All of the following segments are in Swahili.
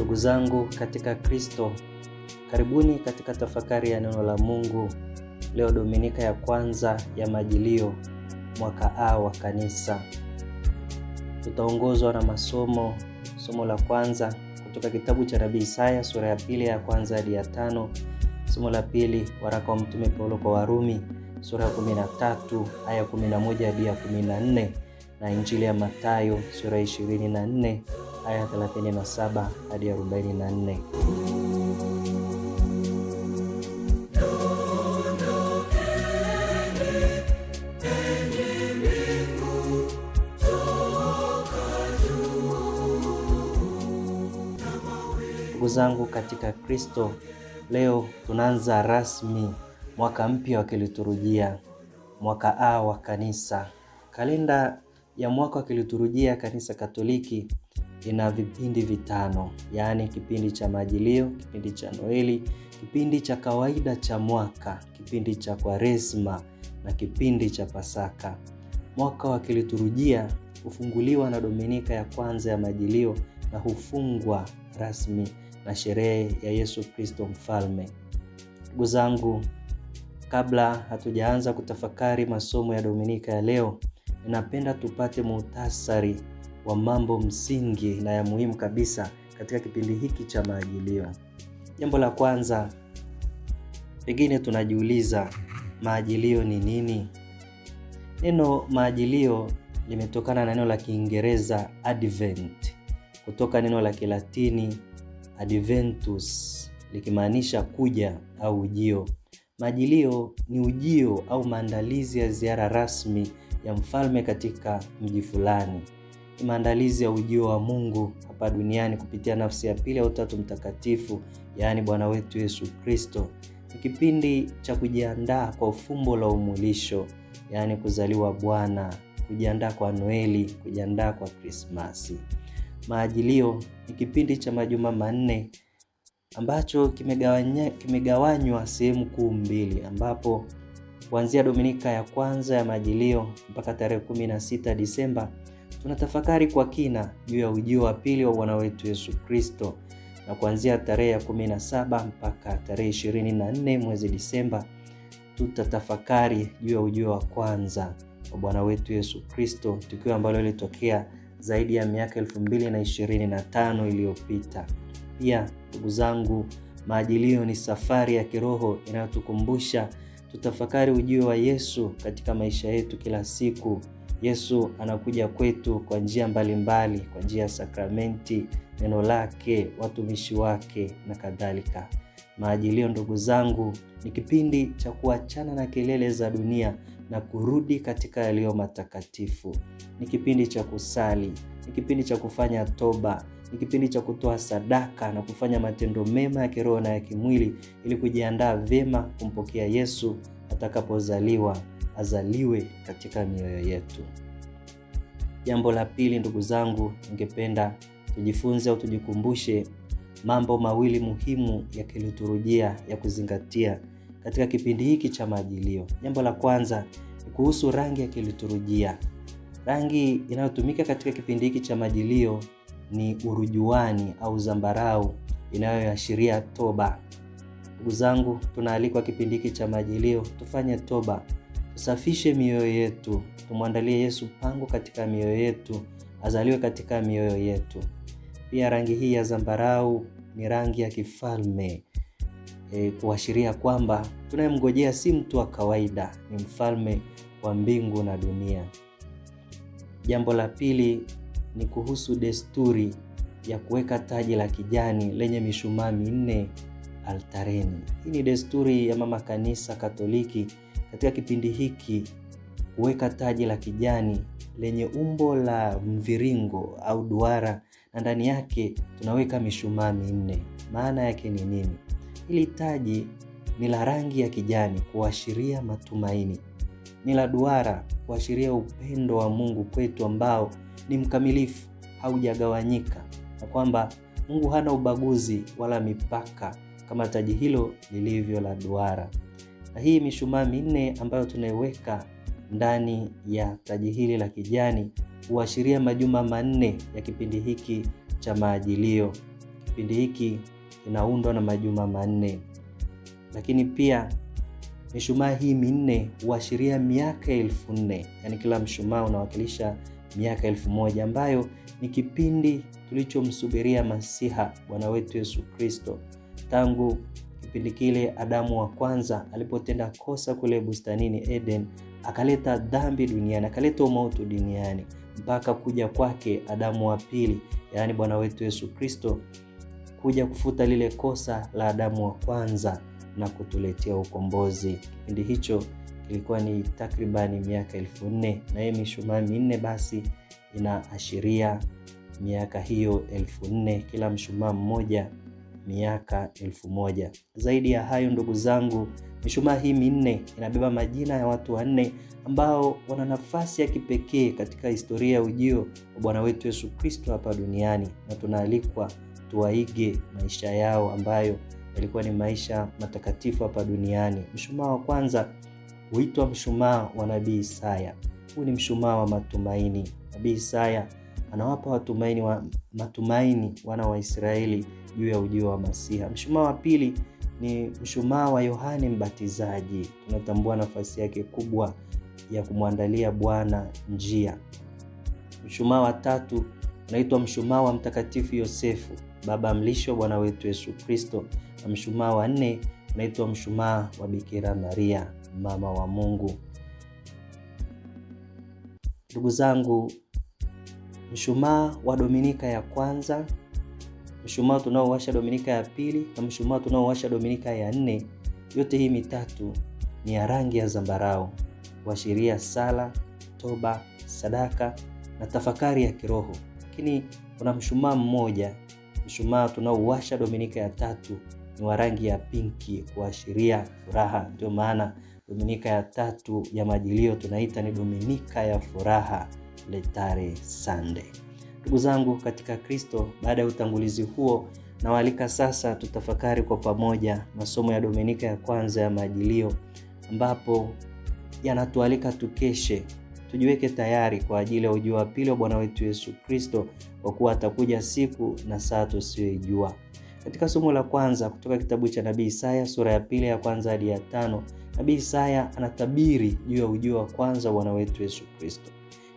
Ndugu zangu katika Kristo, karibuni katika tafakari ya neno la Mungu leo, Dominika ya kwanza ya Majilio, mwaka A wa Kanisa. Tutaongozwa na masomo, somo la kwanza kutoka kitabu cha nabii Isaya sura ya pili ya kwanza hadi ya tano, somo la pili waraka wa mtume Paulo kwa Warumi sura ya 13 aya 11 hadi ya 14 na Injili ya matayo sura 24 aya 37 hadi 44. Ndugu zangu katika Kristo, leo tunaanza rasmi mwaka mpya wa kiliturujia, mwaka A wa kanisa. Kalenda ya mwaka wa kiliturujia Kanisa Katoliki ina vipindi vitano, yaani kipindi cha Majilio, kipindi cha Noeli, kipindi cha kawaida cha mwaka, kipindi cha Kwaresma na kipindi cha Pasaka. Mwaka wa kiliturujia hufunguliwa na Dominika ya kwanza ya Majilio na hufungwa rasmi na sherehe ya Yesu Kristo Mfalme. Ndugu zangu, kabla hatujaanza kutafakari masomo ya Dominika ya leo, ninapenda tupate muhtasari wa mambo msingi na ya muhimu kabisa katika kipindi hiki cha maajilio Jambo la kwanza, pengine tunajiuliza maajilio ni nini? Neno maajilio limetokana na neno la Kiingereza advent kutoka neno la Kilatini adventus likimaanisha kuja au ujio. Majilio ni ujio au maandalizi ya ziara rasmi ya mfalme katika mji fulani maandalizi ya ujio wa Mungu hapa duniani kupitia nafsi ya pili au tatu Mtakatifu, yaani Bwana wetu Yesu Kristo. Ni kipindi cha kujiandaa kwa ufumbo la umulisho, yaani kuzaliwa Bwana, kujiandaa kwa Noeli, kujiandaa kwa Krismasi. Maajilio ni kipindi cha majuma manne ambacho kimegawanywa sehemu kuu mbili, ambapo kuanzia Dominika ya kwanza ya Majilio mpaka tarehe 16 Disemba tunatafakari kwa kina juu ya ujio wa pili wa Bwana wetu Yesu Kristo, na kuanzia tarehe ya 17 mpaka tarehe 24 mwezi Disemba tutatafakari juu ya ujio wa kwanza wa Bwana wetu Yesu Kristo, tukio ambalo lilitokea zaidi ya miaka 2025 iliyopita. Pia ndugu zangu, maajilio ni safari ya kiroho inayotukumbusha tutafakari ujio wa Yesu katika maisha yetu kila siku. Yesu anakuja kwetu kwa njia mbalimbali kwa njia ya sakramenti, neno lake, watumishi wake na kadhalika. Maajilio, ndugu zangu, ni kipindi cha kuachana na kelele za dunia na kurudi katika yaliyo matakatifu. Ni kipindi cha kusali, ni kipindi cha kufanya toba, ni kipindi cha kutoa sadaka na kufanya matendo mema ya kiroho na ya kimwili ili kujiandaa vyema kumpokea Yesu atakapozaliwa azaliwe katika mioyo yetu. Jambo la pili, ndugu zangu, ningependa tujifunze au tujikumbushe mambo mawili muhimu ya kiliturujia ya kuzingatia katika kipindi hiki cha Majilio. Jambo la kwanza ni kuhusu rangi ya kiliturujia. Rangi inayotumika katika kipindi hiki cha Majilio ni urujuani au zambarau inayoashiria toba. Ndugu zangu, tunaalikwa kipindi hiki cha Majilio tufanye toba Safishe mioyo yetu, tumwandalie Yesu pango katika mioyo yetu, azaliwe katika mioyo yetu. Pia rangi hii ya zambarau ni rangi ya kifalme e, kuashiria kwamba tunayemngojea si mtu wa kawaida, ni mfalme wa mbingu na dunia. Jambo la pili ni kuhusu desturi ya kuweka taji la kijani lenye mishumaa minne altareni. Hii ni desturi ya mama kanisa Katoliki katika kipindi hiki huweka taji la kijani lenye umbo la mviringo au duara na ndani yake tunaweka mishumaa minne. Maana yake ni nini? Hili taji ni la rangi ya kijani kuashiria matumaini, ni la duara kuashiria upendo wa Mungu kwetu ambao ni mkamilifu, haujagawanyika, na kwamba Mungu hana ubaguzi wala mipaka kama taji hilo lilivyo la duara. Hii mishumaa minne ambayo tunaiweka ndani ya taji hili la kijani huashiria majuma manne ya kipindi hiki cha maajilio. Kipindi hiki kinaundwa na majuma manne, lakini pia mishumaa hii minne huashiria miaka elfu nne yaani kila mshumaa unawakilisha miaka elfu moja ambayo ni kipindi tulichomsubiria Masiha Bwana wetu Yesu Kristo tangu Kipindi kile Adamu wa kwanza alipotenda kosa kule bustanini Eden, akaleta dhambi duniani, akaleta umauti duniani mpaka kuja kwake Adamu wa pili, yaani Bwana wetu Yesu Kristo, kuja kufuta lile kosa la Adamu wa kwanza na kutuletea ukombozi. Kipindi hicho kilikuwa ni takribani miaka elfu nne na hiyo mishumaa minne basi inaashiria miaka hiyo elfu nne kila mshumaa mmoja miaka elfu moja. Zaidi ya hayo, ndugu zangu, mishumaa hii minne inabeba majina ya watu wanne ambao wana nafasi ya kipekee katika historia ya ujio wa Bwana wetu Yesu Kristo hapa duniani, na tunaalikwa tuwaige maisha yao ambayo yalikuwa ni maisha matakatifu hapa duniani. Mshumaa wa kwanza huitwa mshumaa wa nabii Isaya. Huu ni mshumaa wa matumaini. Nabii Isaya anawapa watumaini wa, matumaini wana wa Israeli juu ya ujio wa Masiha. Mshumaa wa pili ni mshumaa wa Yohane Mbatizaji. Tunatambua nafasi yake kubwa ya kumwandalia Bwana njia. Mshumaa wa tatu unaitwa mshumaa wa Mtakatifu Yosefu, baba mlisho Bwana wetu Yesu Kristo, na mshumaa wa nne unaitwa mshumaa wa Bikira Maria, mama wa Mungu. Ndugu zangu, mshumaa wa Dominika ya kwanza mshumaa tunaowasha Dominika ya pili na mshumaa tunaowasha Dominika ya nne, yote hii mitatu ni ya rangi ya zambarau kuashiria sala, toba, sadaka na tafakari ya kiroho. Lakini kuna mshumaa mmoja, mshumaa tunaowasha Dominika ya tatu ni wa rangi ya pinki kuashiria furaha. Ndio maana Dominika ya tatu ya Majilio tunaita ni Dominika ya furaha, Letare Sande. Ndugu zangu katika Kristo, baada ya utangulizi huo nawaalika sasa tutafakari kwa pamoja masomo ya Dominika ya kwanza ya maajilio ambapo yanatualika tukeshe, tujiweke tayari kwa ajili ya ujua wa pili wa Bwana wetu Yesu Kristo, kwa kuwa atakuja siku na saa tusiyoijua. Katika somo la kwanza kutoka kitabu cha nabii Isaya sura ya pili ya kwanza hadi ya tano, nabii Isaya anatabiri juu ya ujua wa kwanza wa Bwana wetu Yesu Kristo.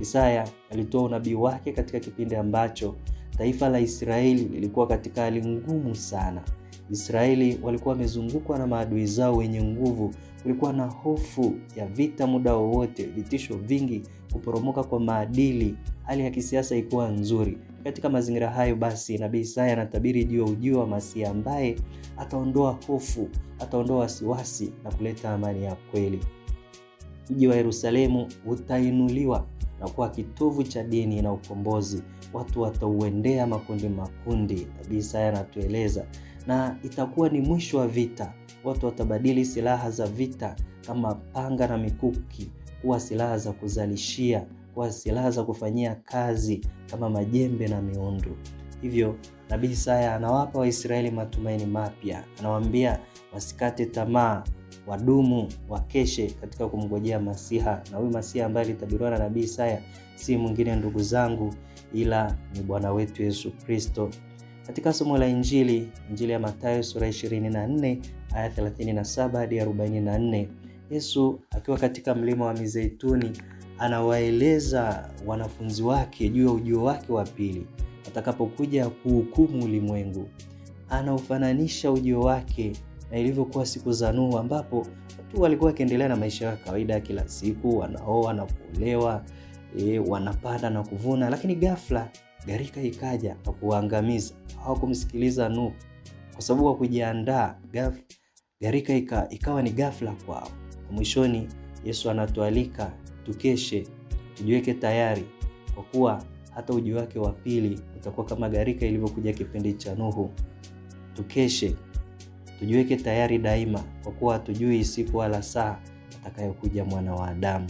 Isaya alitoa unabii wake katika kipindi ambacho taifa la Israeli lilikuwa katika hali ngumu sana. Israeli walikuwa wamezungukwa na maadui zao wenye nguvu. Kulikuwa na hofu ya vita muda wowote, vitisho vingi, kuporomoka kwa maadili, hali ya kisiasa ikuwa nzuri. Katika mazingira hayo basi, nabii Isaya anatabiri juu ya ujio wa Masihi ambaye ataondoa hofu, ataondoa wasiwasi na kuleta amani ya kweli. Mji wa Yerusalemu utainuliwa na kuwa kitovu cha dini na ukombozi. Watu watauendea makundi makundi, kabisa yanatueleza, na itakuwa ni mwisho wa vita. Watu watabadili silaha za vita kama panga na mikuki kuwa silaha za kuzalishia, kuwa silaha za kufanyia kazi kama majembe na miundu. Hivyo Nabii Isaya anawapa Waisraeli matumaini mapya, anawaambia wasikate tamaa, wadumu wakeshe katika kumngojea Masiha. Na huyu Masiha ambaye alitabiriwa na nabii Isaya si mwingine ndugu zangu, ila ni Bwana wetu Yesu Kristo. Katika somo la Injili, Injili ya Mathayo sura 24 aya 37 hadi 44, Yesu akiwa katika mlima wa Mizeituni anawaeleza wanafunzi wake juu ya ujio wake wa pili atakapokuja kuhukumu ulimwengu. Anaufananisha ujio wake na ilivyokuwa siku za Nuhu, ambapo watu walikuwa wakiendelea na maisha ya kawaida kila siku, wanaoa na kuolewa e, wanapanda na kuvuna, lakini ghafla gharika ikaja na kuangamiza. Hawakumsikiliza Nuhu kwa sababu kujiandaa, Gharika ika, ikawa ni ghafla kwao. Mwishoni Yesu anatualika tukeshe, tujiweke tayari kwa kuwa hata uji wake wa pili utakuwa kama gharika ilivyokuja kipindi cha Nuhu. Tukeshe Tujiweke tayari daima, kwa kuwa hatujui siku wala saa atakayokuja mwana wa Adamu.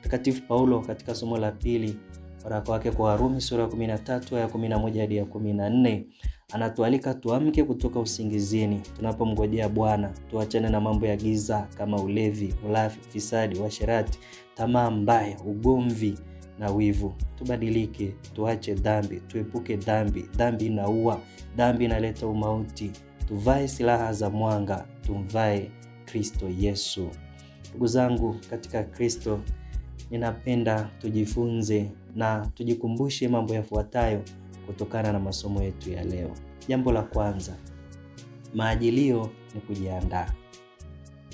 Mtakatifu Paulo katika somo la pili waraka wake kwa Warumi sura ya 13 aya 11 hadi ya 14 anatualika tuamke kutoka usingizini tunapomgojea Bwana, tuachane na mambo ya giza kama ulevi, ulafi, fisadi, washerati tamaa mbaya, ugomvi na wivu. Tubadilike, tuache dhambi, tuepuke dhambi. Dhambi inaua, dhambi inaleta umauti tuvae silaha za mwanga, tumvae Kristo Yesu. Ndugu zangu katika Kristo, ninapenda tujifunze na tujikumbushe mambo yafuatayo kutokana na masomo yetu ya leo. Jambo la kwanza, maajilio ni kujiandaa.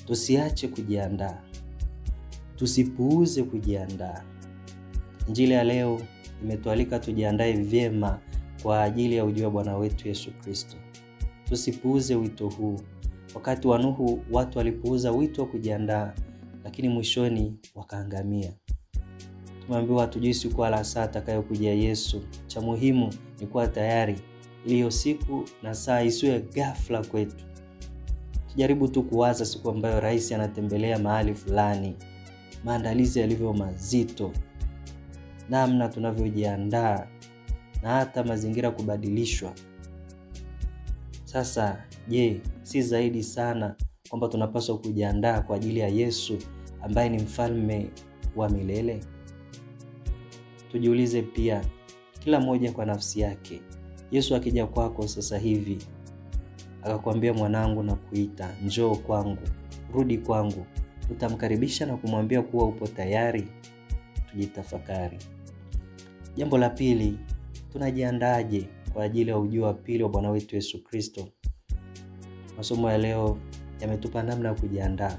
Tusiache kujiandaa, tusipuuze kujiandaa. njili ya leo imetualika tujiandae vyema kwa ajili ya ujua Bwana wetu Yesu Kristo. Tusipuuze wito huu. Wakati wa Nuhu watu walipuuza wito wa kujiandaa, lakini mwishoni wakaangamia. Tumeambiwa hatujui siku wala saa atakayokuja Yesu. Cha muhimu ni kuwa tayari, iliyo siku na saa isiwe ghafla kwetu. Tujaribu tu kuwaza siku ambayo rais anatembelea mahali fulani, maandalizi yalivyo mazito, namna tunavyojiandaa na hata mazingira kubadilishwa. Sasa je, si zaidi sana kwamba tunapaswa kujiandaa kwa ajili ya Yesu ambaye ni mfalme wa milele? Tujiulize pia kila mmoja kwa nafsi yake. Yesu akija kwako sasa hivi akakwambia, mwanangu, na kuita njoo kwangu, rudi kwangu, utamkaribisha na kumwambia kuwa upo tayari? Tujitafakari. Jambo la pili, tunajiandaje kwa ajili ya ujio wa pili wa Bwana wetu Yesu Kristo. Masomo ya leo yametupa namna ya kujiandaa.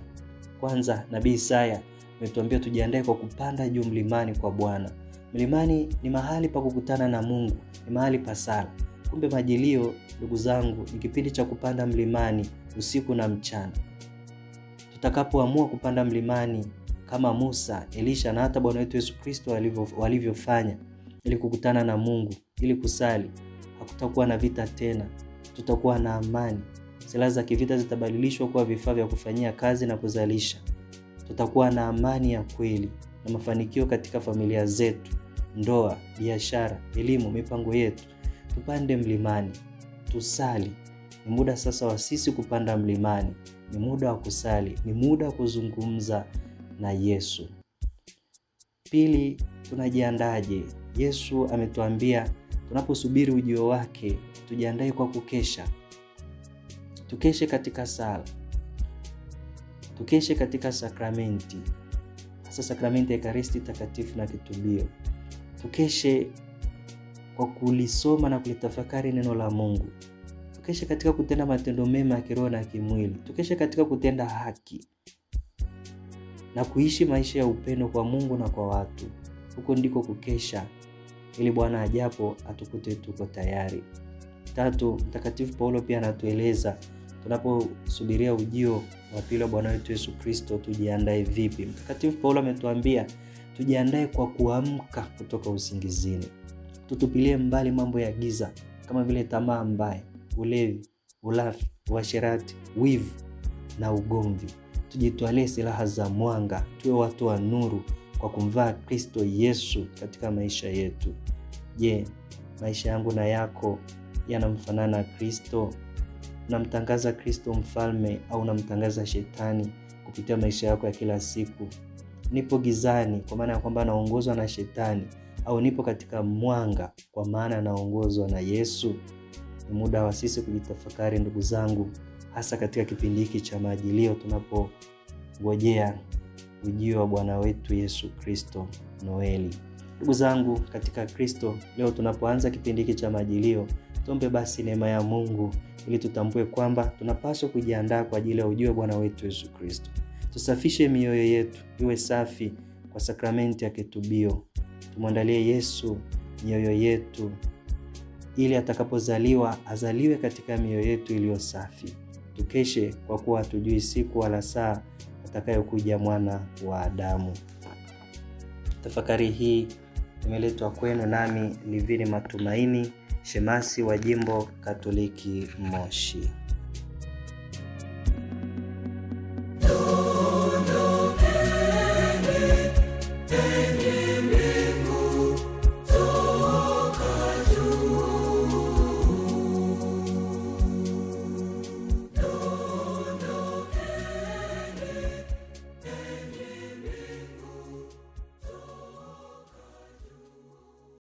Kwanza, nabii Isaya ametuambia tujiandae kwa kupanda juu mlimani kwa Bwana. Mlimani ni mahali pa kukutana na Mungu, ni mahali pa sala. Kumbe majilio, ndugu zangu, ni kipindi cha kupanda mlimani usiku na mchana. Tutakapoamua kupanda mlimani kama Musa, Elisha na hata Bwana wetu Yesu Kristo walivyofanya, ili kukutana na Mungu, ili kusali hakutakuwa na vita tena, tutakuwa na amani. Silaha za kivita zitabadilishwa kuwa vifaa vya kufanyia kazi na kuzalisha. Tutakuwa na amani ya kweli na mafanikio katika familia zetu, ndoa, biashara, elimu, mipango yetu. Tupande mlimani, tusali. Ni muda sasa wa sisi kupanda mlimani, ni muda wa kusali, ni muda wa kuzungumza na Yesu. Pili, tunajiandaje? Yesu ametuambia Tunaposubiri ujio wake, tujiandae kwa kukesha. Tukeshe katika sala, tukeshe katika sakramenti, hasa sakramenti ya karisti Takatifu na kitubio. Tukeshe kwa kulisoma na kulitafakari neno la Mungu. Tukeshe katika kutenda matendo mema ya kiroho na kimwili. Tukeshe katika kutenda haki na kuishi maisha ya upendo kwa Mungu na kwa watu. Huko ndiko kukesha ili Bwana ajapo atukute tuko tayari. Tatu, Mtakatifu Paulo pia anatueleza tunaposubiria ujio wa pili wa Bwana wetu Yesu Kristo tujiandae vipi. Mtakatifu Paulo ametuambia tujiandae kwa kuamka kutoka usingizini, tutupilie mbali mambo ya giza kama vile tamaa mbaya, ulevi, ulafi, uasherati, wivu na ugomvi, tujitwalie silaha za mwanga, tuwe watu wa nuru kwa kumvaa Kristo Yesu katika maisha yetu. Je, maisha yangu na yako yanamfanana Kristo? namtangaza Kristo mfalme au namtangaza shetani kupitia maisha yako ya kila siku? Nipo gizani kwa maana ya kwamba naongozwa na shetani au nipo katika mwanga kwa maana naongozwa na Yesu? Ni muda wa sisi kujitafakari, ndugu zangu, hasa katika kipindi hiki cha maajilio tunapongojea ujio wa Bwana wetu Yesu Kristo, Noeli. Ndugu zangu katika Kristo, leo tunapoanza kipindi hiki cha Majilio, tuombe basi neema ya Mungu ili tutambue kwamba tunapaswa kujiandaa kwa ajili ya ujio wa Bwana wetu Yesu Kristo. Tusafishe mioyo yetu iwe safi kwa sakramenti ya ketubio. Tumwandalie Yesu mioyo yetu ili atakapozaliwa azaliwe katika mioyo yetu iliyo safi. Tukeshe kwa kuwa hatujui siku wala saa atakayokuja mwana wa Adamu. Tafakari hii imeletwa kwenu nami Livini Matumaini, shemasi wa jimbo Katoliki Moshi.